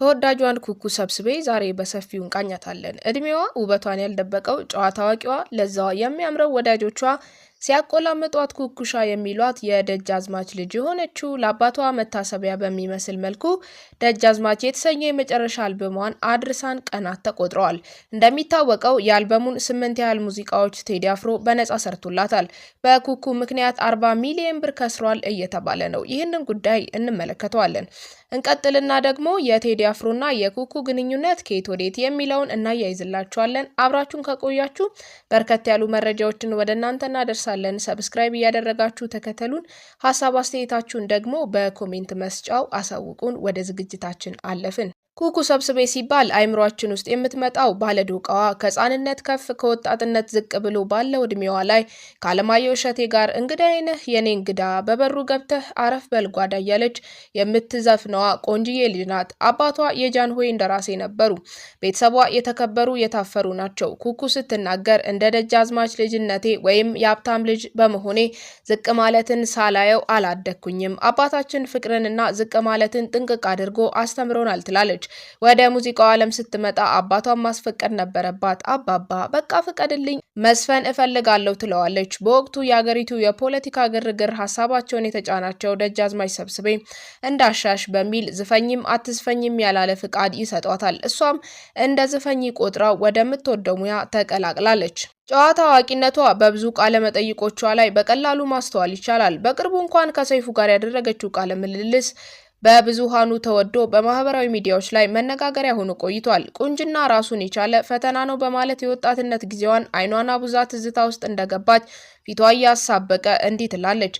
ተወዳጇን ኩኩ ሰብስቤ ዛሬ በሰፊው እንቃኛታለን። እድሜዋ ውበቷን ያልደበቀው ጨዋታ አዋቂዋ ለዛዋ የሚያምረው ወዳጆቿ ሲያቆላምጧት ኩኩሻ የሚሏት የደጃዝማች ልጅ የሆነችው ለአባቷ መታሰቢያ በሚመስል መልኩ ደጃዝማች የተሰኘ የመጨረሻ አልበሟን አድርሳን ቀናት ተቆጥረዋል። እንደሚታወቀው የአልበሙን ስምንት ያህል ሙዚቃዎች ቴዲ አፍሮ በነጻ ሰርቶላታል። በኩኩ ምክንያት አርባ ሚሊየን ብር ከስሯል እየተባለ ነው። ይህንን ጉዳይ እንመለከተዋለን። እንቀጥልና ደግሞ የቴዲ አፍሮና የኩኩ ግንኙነት ከየት ወዴት የሚለውን እናያይዝላችኋለን። አብራችሁን ከቆያችሁ በርከት ያሉ መረጃዎችን ወደ እናንተ እናደርሳለን። እንደርሳለን። ሰብስክራይብ እያደረጋችሁ ተከተሉን። ሀሳብ አስተያየታችሁን ደግሞ በኮሜንት መስጫው አሳውቁን። ወደ ዝግጅታችን አለፍን። ኩኩ ሰብስቤ ሲባል አይምሯችን ውስጥ የምትመጣው ባለዶቃዋ ከህፃንነት ከፍ ከወጣትነት ዝቅ ብሎ ባለው እድሜዋ ላይ ከአለማየሁ እሸቴ ጋር እንግዲ አይነህ የኔ እንግዳ በበሩ ገብተህ አረፍ በልጓዳ እያለች የምትዘፍነዋ ቆንጅዬ ልጅ ናት። አባቷ የጃንሆይ እንደራሴ ነበሩ። ቤተሰቧ የተከበሩ የታፈሩ ናቸው። ኩኩ ስትናገር እንደ ደጃዝማች ልጅነቴ ወይም የሀብታም ልጅ በመሆኔ ዝቅ ማለትን ሳላየው አላደግኩኝም። አባታችን ፍቅርንና ዝቅ ማለትን ጥንቅቅ አድርጎ አስተምሮናል ትላለች። ወደ ሙዚቃው ዓለም ስትመጣ አባቷን ማስፈቀድ ነበረባት። አባባ በቃ ፍቀድልኝ መስፈን እፈልጋለሁ ትለዋለች። በወቅቱ የአገሪቱ የፖለቲካ ግርግር ሀሳባቸውን የተጫናቸው ደጃዝማች ሰብስቤ እንዳሻሽ በሚል ዝፈኝም አትዝፈኝም ያላለ ፍቃድ ይሰጧታል። እሷም እንደ ዝፈኝ ቆጥራ ወደምትወደው ሙያ ተቀላቅላለች። ጨዋታ አዋቂነቷ በብዙ ቃለ መጠይቆቿ ላይ በቀላሉ ማስተዋል ይቻላል። በቅርቡ እንኳን ከሰይፉ ጋር ያደረገችው ቃለ ምልልስ በብዙሃኑ ተወዶ በማህበራዊ ሚዲያዎች ላይ መነጋገሪያ ሆኖ ቆይቷል። ቁንጅና ራሱን የቻለ ፈተና ነው በማለት የወጣትነት ጊዜዋን አይኗና ቡዛ ትዝታ ውስጥ እንደገባች ፊቷ እያሳበቀ እንዲህ ትላለች።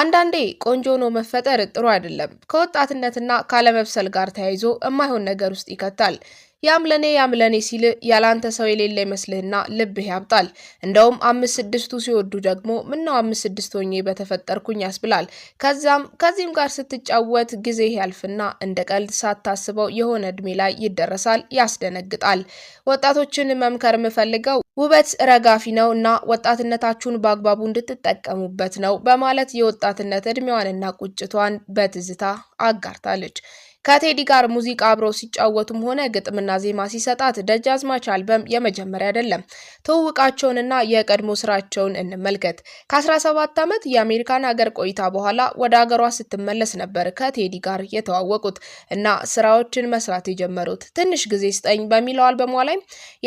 አንዳንዴ ቆንጆ ሆኖ መፈጠር ጥሩ አይደለም። ከወጣትነትና ካለመብሰል ጋር ተያይዞ የማይሆን ነገር ውስጥ ይከታል። ያምለኔ ያምለኔ ሲል ያላንተ ሰው የሌለ ይመስልህና ልብህ ያብጣል። እንደውም አምስት ስድስቱ ሲወዱ ደግሞ ምነው አምስት ስድስት ሆኜ በተፈጠርኩኝ ያስብላል። ከዚያም ከዚህም ጋር ስትጫወት ጊዜ ያልፍና እንደ ቀልድ ሳታስበው የሆነ እድሜ ላይ ይደረሳል፣ ያስደነግጣል። ወጣቶችን መምከር የምፈልገው ውበት ረጋፊ ነው እና ወጣትነታችሁን በአግባቡ እንድትጠቀሙበት ነው በማለት የወጣትነት እድሜዋንና ቁጭቷን በትዝታ አጋርታለች። ከቴዲ ጋር ሙዚቃ አብረው ሲጫወቱም ሆነ ግጥምና ዜማ ሲሰጣት ደጃዝማች አልበም የመጀመሪያ አይደለም። ትውውቃቸውንና የቀድሞ ስራቸውን እንመልከት። ከ17 ዓመት የአሜሪካን ሀገር ቆይታ በኋላ ወደ ሀገሯ ስትመለስ ነበር ከቴዲ ጋር የተዋወቁት እና ስራዎችን መስራት የጀመሩት። ትንሽ ጊዜ ስጠኝ በሚለው አልበሟ ላይ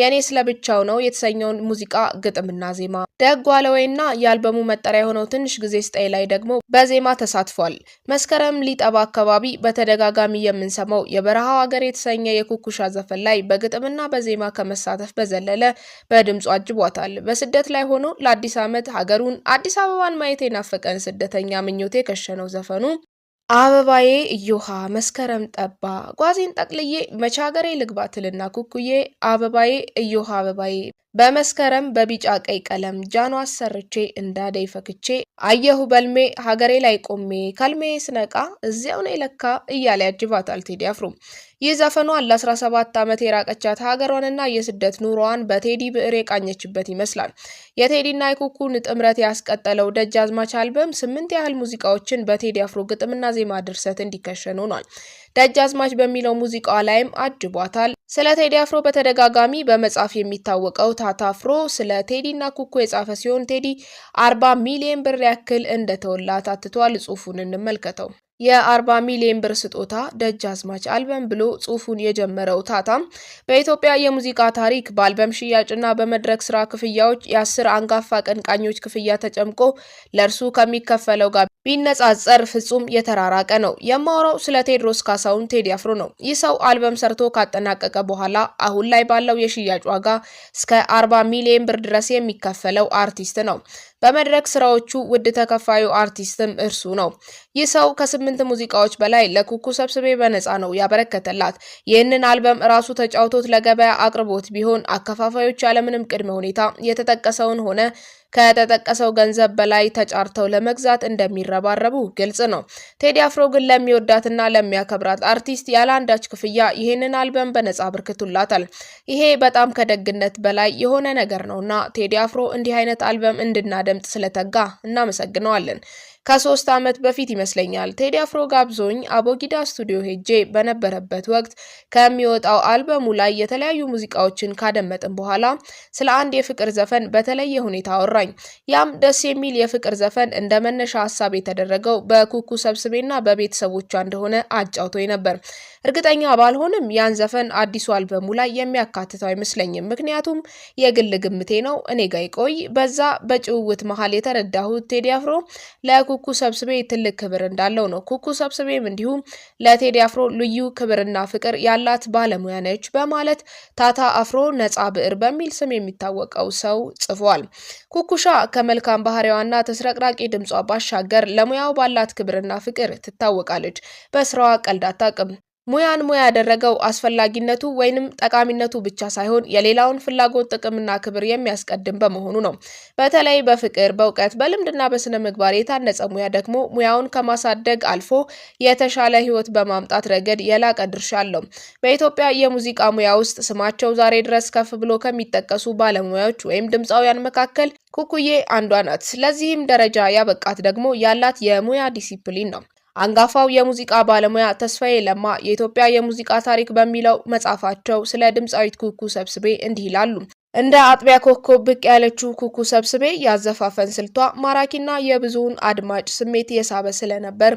የእኔ ስለብቻው ነው የተሰኘውን ሙዚቃ ግጥምና ዜማ ደጓለወይና የአልበሙ መጠሪያ የሆነው ትንሽ ጊዜ ስጠይ ላይ ደግሞ በዜማ ተሳትፏል። መስከረም ሊጠባ አካባቢ በተደጋጋሚ የምንሰማው የበረሃው ሀገር የተሰኘ የኩኩሻ ዘፈን ላይ በግጥምና በዜማ ከመሳተፍ በዘለለ በድምፁ አጅቧታል። በስደት ላይ ሆኖ ለአዲስ ዓመት ሀገሩን አዲስ አበባን ማየት የናፈቀን ስደተኛ ምኞት የከሸነው ዘፈኑ አበባዬ እዮሃ መስከረም ጠባ ጓዜን ጠቅልዬ መቻገሬ ልግባ ትልና ኩኩዬ አበባዬ እዮሃ አበባዬ በመስከረም በቢጫ ቀይ ቀለም ጃኖ አሰርቼ እንዳደይ ፈክቼ አየሁ በልሜ ሀገሬ ላይ ቆሜ ከልሜ ስነቃ እዚያው ነኝ ለካ እያለ ያጅባታል ቴዲ አፍሮ። ይህ ዘፈኗ ለ17 ዓመት የራቀቻት ሀገሯንና የስደት ኑሮዋን በቴዲ ብዕር የቃኘችበት ይመስላል። የቴዲና የኩኩን ጥምረት ያስቀጠለው ደጃዝማች አልበም ስምንት ያህል ሙዚቃዎችን በቴዲ አፍሮ ግጥምና ዜማ ድርሰት እንዲከሸን ሆኗል። ደጃዝማች በሚለው ሙዚቃዋ ላይም አጅቧታል። ስለ ቴዲ አፍሮ በተደጋጋሚ በመጻፍ የሚታወቀው ታታ አፍሮ ስለ ቴዲ እና ኩኩ የጻፈ ሲሆን ቴዲ አርባ ሚሊዮን ብር ያክል እንደተወላ ታትቷል። ጽሁፉን እንመልከተው። የአርባ ሚሊዮን ብር ስጦታ ደጃዝማች አልበም ብሎ ጽሁፉን የጀመረው ታታም በኢትዮጵያ የሙዚቃ ታሪክ በአልበም ሽያጭና በመድረክ ስራ ክፍያዎች የአስር አንጋፋ ቀንቃኞች ክፍያ ተጨምቆ ለእርሱ ከሚከፈለው ጋር ቢነጻጸር ፍጹም የተራራቀ ነው። የማወራው ስለ ቴድሮስ ካሳሁን ቴዲ አፍሮ ነው። ይህ ሰው አልበም ሰርቶ ካጠናቀቀ በኋላ አሁን ላይ ባለው የሽያጭ ዋጋ እስከ 40 ሚሊዮን ብር ድረስ የሚከፈለው አርቲስት ነው። በመድረክ ስራዎቹ ውድ ተከፋዩ አርቲስትም እርሱ ነው። ይህ ሰው ከስምንት ሙዚቃዎች በላይ ለኩኩ ሰብስቤ በነፃ ነው ያበረከተላት። ይህንን አልበም ራሱ ተጫውቶት ለገበያ አቅርቦት ቢሆን አከፋፋዮች ያለምንም ቅድመ ሁኔታ የተጠቀሰውን ሆነ ከተጠቀሰው ገንዘብ በላይ ተጫርተው ለመግዛት እንደሚረባረቡ ግልጽ ነው። ቴዲ አፍሮ ግን ለሚወዳትና ለሚያከብራት አርቲስት ያለ አንዳች ክፍያ ይህንን አልበም በነጻ አበርክቶላታል። ይሄ በጣም ከደግነት በላይ የሆነ ነገር ነውና ቴዲ አፍሮ እንዲህ አይነት አልበም እንድናደምጥ ስለተጋ እናመሰግነዋለን። ከሶስት ዓመት በፊት ይመስለኛል ቴዲ አፍሮ ጋብዞኝ አቦጊዳ ስቱዲዮ ሄጄ በነበረበት ወቅት ከሚወጣው አልበሙ ላይ የተለያዩ ሙዚቃዎችን ካደመጥን በኋላ ስለ አንድ የፍቅር ዘፈን በተለየ ሁኔታ አወራኝ። ያም ደስ የሚል የፍቅር ዘፈን እንደ መነሻ ሀሳብ የተደረገው በኩኩ ሰብስቤና በቤተሰቦቿ እንደሆነ አጫውቶኝ ነበር። እርግጠኛ ባልሆንም ያን ዘፈን አዲሱ አልበሙ ላይ የሚያካትተው አይመስለኝም። ምክንያቱም የግል ግምቴ ነው። እኔ ጋ ይቆይ። በዛ በጭውውት መሀል የተረዳሁት ቴዲ አፍሮ ለኩኩ ሰብስቤ ትልቅ ክብር እንዳለው ነው። ኩኩ ሰብስቤም እንዲሁም ለቴዲ አፍሮ ልዩ ክብርና ፍቅር ያላት ባለሙያ ነች በማለት ታታ አፍሮ ነጻ ብዕር በሚል ስም የሚታወቀው ሰው ጽፏል። ኩኩሻ ከመልካም ባህሪዋና ተስረቅራቂ ድምጿ ባሻገር ለሙያው ባላት ክብርና ፍቅር ትታወቃለች። በስራዋ ቀልድ አታውቅም። ሙያን ሙያ ያደረገው አስፈላጊነቱ ወይንም ጠቃሚነቱ ብቻ ሳይሆን የሌላውን ፍላጎት ጥቅምና ክብር የሚያስቀድም በመሆኑ ነው። በተለይ በፍቅር በእውቀት፣ በልምድና በስነ ምግባር የታነጸ ሙያ ደግሞ ሙያውን ከማሳደግ አልፎ የተሻለ ሕይወት በማምጣት ረገድ የላቀ ድርሻ አለው። በኢትዮጵያ የሙዚቃ ሙያ ውስጥ ስማቸው ዛሬ ድረስ ከፍ ብሎ ከሚጠቀሱ ባለሙያዎች ወይም ድምፃውያን መካከል ኩኩዬ አንዷ ናት። ለዚህም ደረጃ ያበቃት ደግሞ ያላት የሙያ ዲሲፕሊን ነው። አንጋፋው የሙዚቃ ባለሙያ ተስፋዬ ለማ የኢትዮጵያ የሙዚቃ ታሪክ በሚለው መጽሐፋቸው ስለ ድምፃዊት ኩኩ ሰብስቤ እንዲህ ይላሉ። እንደ አጥቢያ ኮከብ ብቅ ያለችው ኩኩ ሰብስቤ ያዘፋፈን ስልቷ ማራኪና የብዙውን አድማጭ ስሜት የሳበ ስለነበር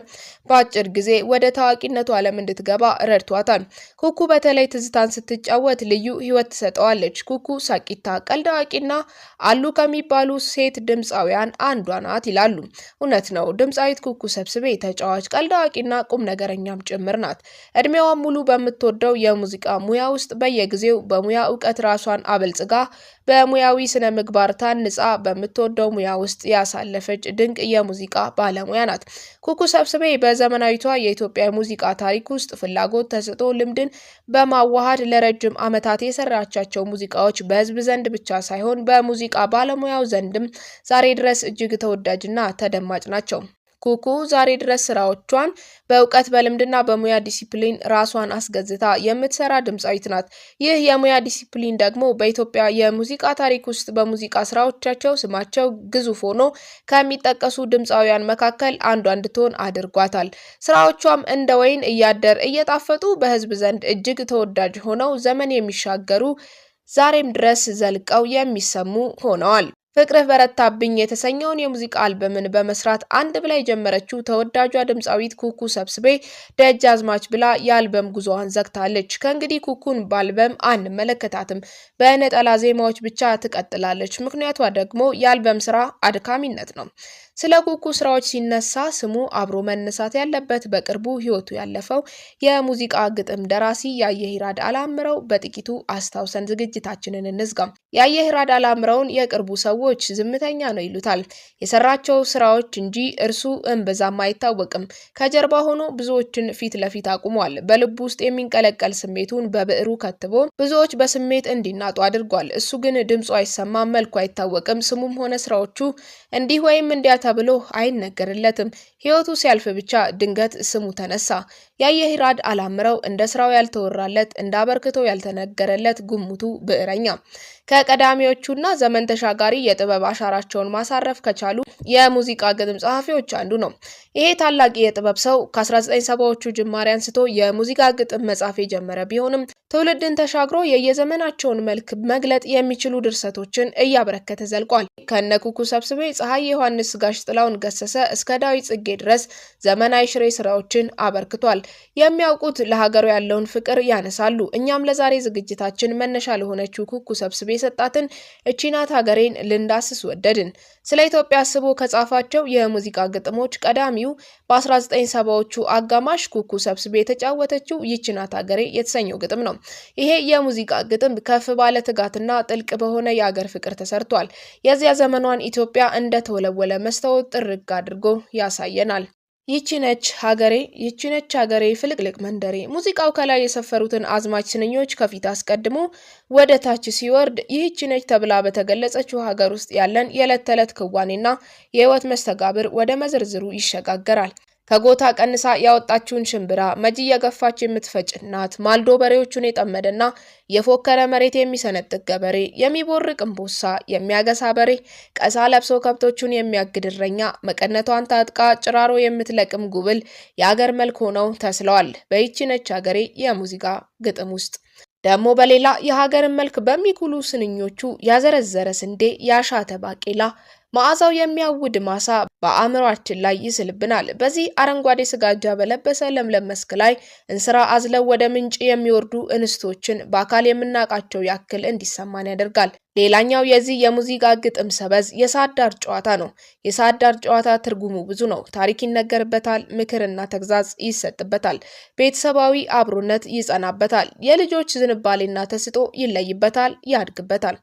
በአጭር ጊዜ ወደ ታዋቂነቱ ዓለም እንድትገባ ረድቷታል። ኩኩ በተለይ ትዝታን ስትጫወት ልዩ ሕይወት ትሰጠዋለች። ኩኩ ሳቂታ፣ ቀልድ አዋቂና አሉ ከሚባሉ ሴት ድምፃውያን አንዷ ናት ይላሉ። እውነት ነው። ድምፃዊት ኩኩ ሰብስቤ ተጫዋች፣ ቀልድ አዋቂና ቁም ነገረኛም ጭምር ናት። እድሜዋን ሙሉ በምትወደው የሙዚቃ ሙያ ውስጥ በየጊዜው በሙያ እውቀት ራሷን አበልጽጋ በሙያዊ ስነ ምግባር ታንጻ በምትወደው ሙያ ውስጥ ያሳለፈች ድንቅ የሙዚቃ ባለሙያ ናት። ኩኩ ሰብስቤ በዘመናዊቷ የኢትዮጵያ ሙዚቃ ታሪክ ውስጥ ፍላጎት፣ ተሰጥቶ ልምድን በማዋሃድ ለረጅም ዓመታት የሰራቻቸው ሙዚቃዎች በህዝብ ዘንድ ብቻ ሳይሆን በሙዚቃ ባለሙያው ዘንድም ዛሬ ድረስ እጅግ ተወዳጅና ተደማጭ ናቸው። ኩኩ ዛሬ ድረስ ስራዎቿን በእውቀት በልምድና በሙያ ዲሲፕሊን ራሷን አስገዝታ የምትሰራ ድምፃዊት ናት። ይህ የሙያ ዲሲፕሊን ደግሞ በኢትዮጵያ የሙዚቃ ታሪክ ውስጥ በሙዚቃ ስራዎቻቸው ስማቸው ግዙፍ ሆኖ ከሚጠቀሱ ድምፃውያን መካከል አንዷ እንድትሆን አድርጓታል። ስራዎቿም እንደ ወይን እያደር እየጣፈጡ በህዝብ ዘንድ እጅግ ተወዳጅ ሆነው ዘመን የሚሻገሩ ዛሬም ድረስ ዘልቀው የሚሰሙ ሆነዋል። ፍቅርህ በረታብኝ የተሰኘውን የሙዚቃ አልበምን በመስራት አንድ ብላ የጀመረችው ተወዳጇ ድምፃዊት ኩኩ ሰብስቤ ደጅ አዝማች ብላ የአልበም ጉዞዋን ዘግታለች። ከእንግዲህ ኩኩን በአልበም አንመለከታትም፣ በነጠላ ዜማዎች ብቻ ትቀጥላለች። ምክንያቷ ደግሞ የአልበም ስራ አድካሚነት ነው። ስለ ኩኩ ስራዎች ሲነሳ ስሙ አብሮ መነሳት ያለበት በቅርቡ ህይወቱ ያለፈው የሙዚቃ ግጥም ደራሲ የአየሂራድ አላምረው በጥቂቱ አስታውሰን ዝግጅታችንን እንዝጋም። የአየሂራድ አላምረውን የቅርቡ ሰዎች ዝምተኛ ነው ይሉታል። የሰራቸው ስራዎች እንጂ እርሱ እምብዛም አይታወቅም። ከጀርባ ሆኖ ብዙዎችን ፊት ለፊት አቁሟል። በልቡ ውስጥ የሚንቀለቀል ስሜቱን በብዕሩ ከትቦ ብዙዎች በስሜት እንዲናጡ አድርጓል። እሱ ግን ድምፁ አይሰማም፣ መልኩ አይታወቅም፣ ስሙም ሆነ ስራዎቹ እንዲህ ወይም እንዲያ ተብሎ አይነገርለትም። ህይወቱ ሲያልፍ ብቻ ድንገት ስሙ ተነሳ። ሂራድ አላምረው እንደ ስራው ያልተወራለት እንደ አበርክቶ ያልተነገረለት ጉሙቱ ብዕረኛ ከቀዳሚዎቹና ዘመን ተሻጋሪ የጥበብ አሻራቸውን ማሳረፍ ከቻሉ የሙዚቃ ግጥም ጸሐፊዎች አንዱ ነው። ይሄ ታላቅ የጥበብ ሰው ከ1970ዎቹ ጅማሬ አንስቶ የሙዚቃ ግጥም መጻፍ የጀመረ ቢሆንም ትውልድን ተሻግሮ የየዘመናቸውን መልክ መግለጥ የሚችሉ ድርሰቶችን እያበረከተ ዘልቋል። ከነ ኩኩ ሰብስቤ፣ ፀሐይ ዮሐንስ፣ ጋሽ ጥላውን ገሰሰ እስከ ዳዊ ጽጌ ድረስ ዘመናዊ ሽሬ ስራዎችን አበርክቷል። የሚያውቁት ለሀገሩ ያለውን ፍቅር ያነሳሉ። እኛም ለዛሬ ዝግጅታችን መነሻ ለሆነችው ኩኩ ሰብስቤ የሰጣትን እቺናት ሀገሬን ልንዳስስ ወደድን ስለ ኢትዮጵያ አስቦ ከጻፋቸው የሙዚቃ ግጥሞች ቀዳሚው በ1970ዎቹ አጋማሽ ኩኩ ሰብስቤ የተጫወተችው ይችናት ሀገሬ የተሰኘው ግጥም ነው። ይሄ የሙዚቃ ግጥም ከፍ ባለ ትጋትና ጥልቅ በሆነ የአገር ፍቅር ተሰርቷል። የዚያ ዘመኗን ኢትዮጵያ እንደተወለወለ መስታወት ጥርግ አድርጎ ያሳየናል። ነች ሀገሬ ነች ሀገሬ ፍልቅልቅ መንደሬ ሙዚቃው ከላይ የሰፈሩትን አዝማች ስንኞች ከፊት አስቀድሞ ወደ ታች ሲወርድ ነች ተብላ በተገለጸችው ሀገር ውስጥ ያለን የዕለት ተዕለት ክዋኔና የህይወት መስተጋብር ወደ መዝርዝሩ ይሸጋገራል። ከጎታ ቀንሳ ያወጣችውን ሽምብራ መጂ እየገፋች የምትፈጭ እናት፣ ማልዶ በሬዎቹን የጠመደና የፎከረ መሬት የሚሰነጥቅ ገበሬ፣ የሚቦርቅ እምቦሳ፣ የሚያገሳ በሬ፣ ቀሳ ለብሶ ከብቶቹን የሚያግድ እረኛ፣ መቀነቷን ታጥቃ ጭራሮ የምትለቅም ጉብል የአገር መልክ ሆነው ተስለዋል በይቺ ነች አገሬ የሙዚቃ ግጥም ውስጥ። ደግሞ በሌላ የሀገርን መልክ በሚኩሉ ስንኞቹ ያዘረዘረ ስንዴ ያሻተ ባቄላ መዓዛው የሚያውድ ማሳ በአእምሯችን ላይ ይስልብናል። በዚህ አረንጓዴ ስጋጃ በለበሰ ለምለም መስክ ላይ እንስራ አዝለው ወደ ምንጭ የሚወርዱ እንስቶችን በአካል የምናውቃቸው ያክል እንዲሰማን ያደርጋል። ሌላኛው የዚህ የሙዚቃ ግጥም ሰበዝ የሳዳር ጨዋታ ነው። የሳዳር ጨዋታ ትርጉሙ ብዙ ነው። ታሪክ ይነገርበታል፣ ምክርና ተግዛዝ ይሰጥበታል፣ ቤተሰባዊ አብሮነት ይጸናበታል፣ የልጆች ዝንባሌና ተስጦ ይለይበታል፣ ያድግበታል።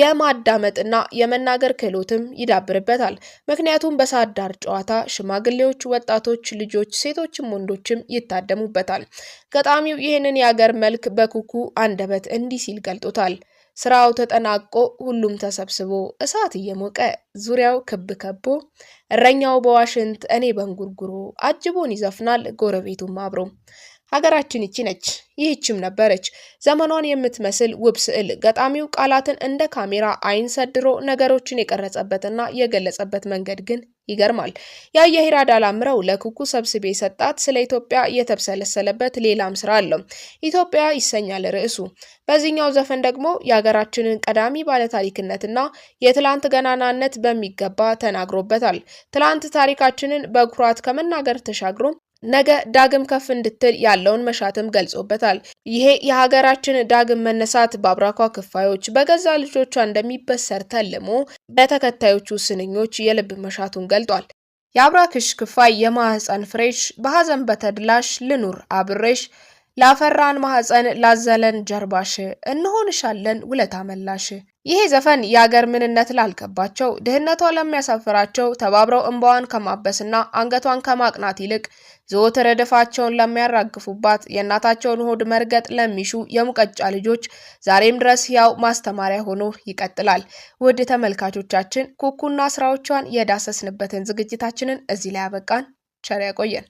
የማዳመጥና የመናገር ክህሎትም ይዳብርበታል። ምክንያቱም በሳ አዳር ጨዋታ ሽማግሌዎች፣ ወጣቶች፣ ልጆች፣ ሴቶችም ወንዶችም ይታደሙበታል። ገጣሚው ይህንን የአገር መልክ በኩኩ አንደበት እንዲህ ሲል ገልጦታል። ስራው ተጠናቆ ሁሉም ተሰብስቦ እሳት እየሞቀ ዙሪያው ክብ ከቦ እረኛው በዋሽንት እኔ በንጉርጉሮ አጅቦን ይዘፍናል ጎረቤቱም አብሮ። ሀገራችን ይቺ ነች፣ ይህችም ነበረች ዘመኗን የምትመስል ውብ ስዕል። ገጣሚው ቃላትን እንደ ካሜራ አይን ሰድሮ ነገሮችን የቀረጸበትና የገለጸበት መንገድ ግን ይገርማል። የአየሄራ ዳላምረው ለኩኩ ሰብስቤ ሰጣት ስለ ኢትዮጵያ የተብሰለሰለበት ሌላም ስራ አለው። ኢትዮጵያ ይሰኛል ርዕሱ። በዚህኛው ዘፈን ደግሞ የሀገራችንን ቀዳሚ ባለታሪክነትና የትላንት ገናናነት በሚገባ ተናግሮበታል። ትላንት ታሪካችንን በኩራት ከመናገር ተሻግሮ ነገ ዳግም ከፍ እንድትል ያለውን መሻትም ገልጾበታል። ይሄ የሀገራችን ዳግም መነሳት በአብራኳ ክፋዮች በገዛ ልጆቿ እንደሚበሰር ተልሞ በተከታዮቹ ስንኞች የልብ መሻቱን ገልጧል። የአብራክሽ ክፋይ የማህፀን ፍሬሽ በሀዘን በተድላሽ ልኑር አብሬሽ ላፈራን ማህፀን ላዘለን ጀርባሽ እንሆንሻለን ውለታ መላሽ። ይሄ ዘፈን የአገር ምንነት ላልገባቸው ድህነቷ ለሚያሳፍራቸው ተባብረው እንባዋን ከማበስና አንገቷን ከማቅናት ይልቅ ዘወትር ረድፋቸውን ለሚያራግፉባት የእናታቸውን ሆድ መርገጥ ለሚሹ የሙቀጫ ልጆች ዛሬም ድረስ ያው ማስተማሪያ ሆኖ ይቀጥላል። ውድ ተመልካቾቻችን ኩኩና ስራዎቿን የዳሰስንበትን ዝግጅታችንን እዚህ ላይ ያበቃን። ቸር ያቆየን።